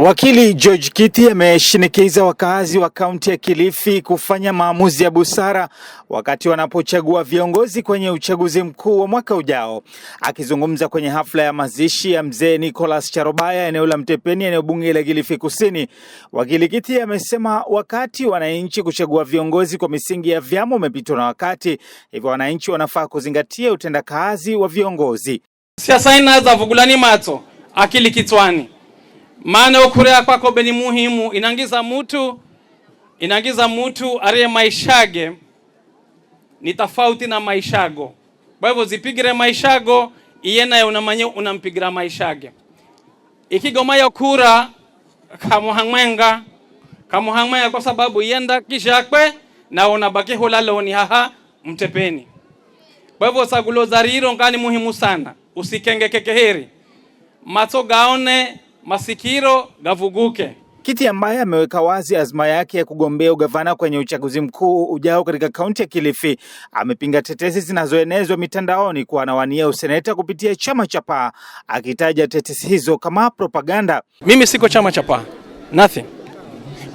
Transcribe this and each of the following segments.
Wakili George Kiti ameshinikiza wakazi wa kaunti ya Kilifi kufanya maamuzi ya busara wakati wanapochagua viongozi kwenye uchaguzi mkuu wa mwaka ujao. Akizungumza kwenye hafla ya mazishi ya mzee Nicholas Charobaya eneo la Mtepeni, eneo bunge la Kilifi Kusini, wakili Kiti amesema wakati wananchi kuchagua viongozi kwa misingi ya vyama umepitwa na wakati, hivyo wananchi wanafaa kuzingatia utendakazi wa viongozi. Siasa inaweza vugulani macho, akili kichwani maana ukurea kwako beni muhimu inangiza mutu inangiza mutu ariye maishage ni tofauti na maishago kwa hivyo zipigire maishago iye naye unamanya unampigira maishage ikigomayo kura kamuhamwenga kamuhamwenga kwa sababu yenda kishakwe na unabaki hulaloni haha mtepeni kwa hivyo sagulo zariro ngani muhimu sana usikengekekeheri matso gaone masikiro gavuguke. Kiti ambaye ameweka wazi azma yake ya kugombea ugavana kwenye uchaguzi mkuu ujao katika kaunti ya Kilifi amepinga tetesi zinazoenezwa mitandaoni kuwa anawania useneta kupitia chama cha Paa, akitaja tetesi hizo kama propaganda. Mimi siko chama cha Paa, nothing.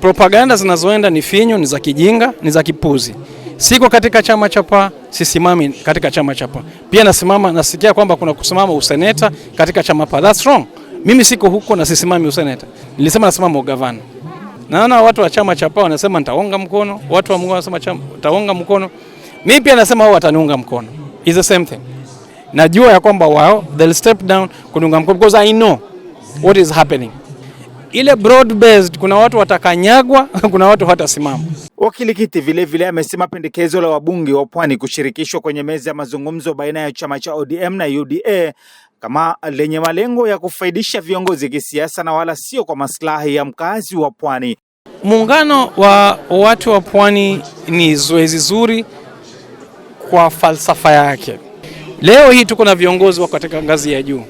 Propaganda zinazoenda ni finyu, ni za kijinga, ni za kipuzi. Siko katika chama cha Paa, sisimami katika chama cha Paa. Pia nasimama, nasikia kwamba kuna kusimama useneta katika chama Paa. That's wrong. Mimi siko huko na sisimami useneta, nilisema nasimama ugavana. Naona watu wa chama cha PAO wanasema nitaunga mkono, watu wa Mungu wanasema chama taunga mkono, mimi pia nasema wao wataniunga mkono, is the same thing. Najua ya kwamba wao they'll step down kuniunga mkono because I know what is happening ile broad based, kuna watu watakanyagwa, kuna watu hawatasimama. Wakili Kiti vilevile amesema pendekezo la wabunge wa Pwani kushirikishwa kwenye meza ya mazungumzo baina ya chama cha ODM na UDA kama lenye malengo ya kufaidisha viongozi kisiasa na wala sio kwa maslahi ya mkazi wa Pwani. Muungano wa watu wa Pwani ni zoezi zuri kwa falsafa yake. Leo hii tuko na viongozi wa katika ngazi ya juu,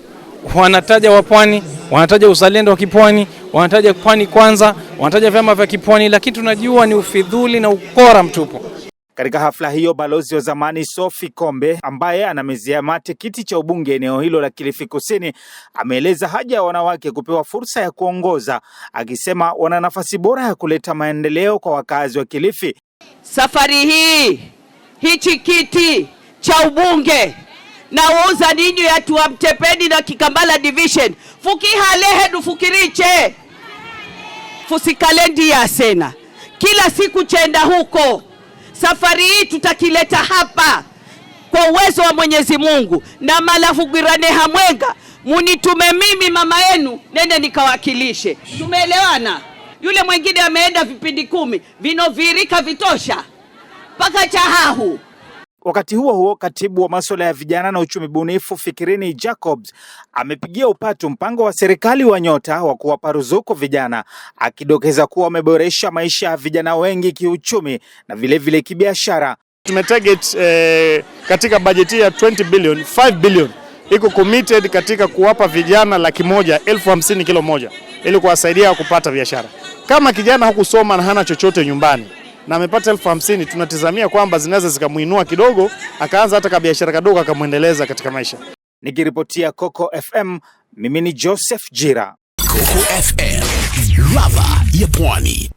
wanataja wa pwani wanataja uzalendo wa kipwani, wanataja pwani kwanza, wanataja vyama vya kipwani, lakini tunajua ni ufidhuli na ukora mtupu. Katika hafla hiyo, balozi wa zamani Sophie Kombe ambaye anamezia mate kiti cha ubunge eneo hilo la Kilifi Kusini ameeleza haja ya wanawake kupewa fursa ya kuongoza, akisema wana nafasi bora ya kuleta maendeleo kwa wakazi wa Kilifi. Safari hii hichi kiti cha ubunge nauza wauza ninyi yatu wa na Kikambala division lehe fukiriche fusikalendi ya sena kila siku chenda huko Safari hii tutakileta hapa kwa uwezo wa Mwenyezi Mungu, na malafugirane hamwenga, munitume mimi mama yenu, nende nikawakilishe. Tumeelewana? Yule mwingine ameenda vipindi kumi vinovirika vitosha mpaka chahahu Wakati huo huo, katibu wa masuala ya vijana na uchumi bunifu Fikirini Jacobs amepigia upatu mpango wa serikali wa Nyota wa kuwapa ruzuku vijana, akidokeza kuwa wameboresha maisha ya vijana wengi kiuchumi na vilevile kibiashara. Tumetarget eh, katika bajeti ya 20 billion, 5 billion iko committed katika kuwapa vijana laki moja elfu hamsini kilo moja ili kuwasaidia kupata biashara. Kama kijana hukusoma na hana chochote nyumbani na amepata elfu hamsini, tunatizamia kwamba zinaweza zikamuinua kidogo, akaanza hata kabiashara kadogo akamwendeleza katika maisha. Nikiripotia Coco FM, mimi ni Joseph Jira, Coco FM, ladha ya Pwani.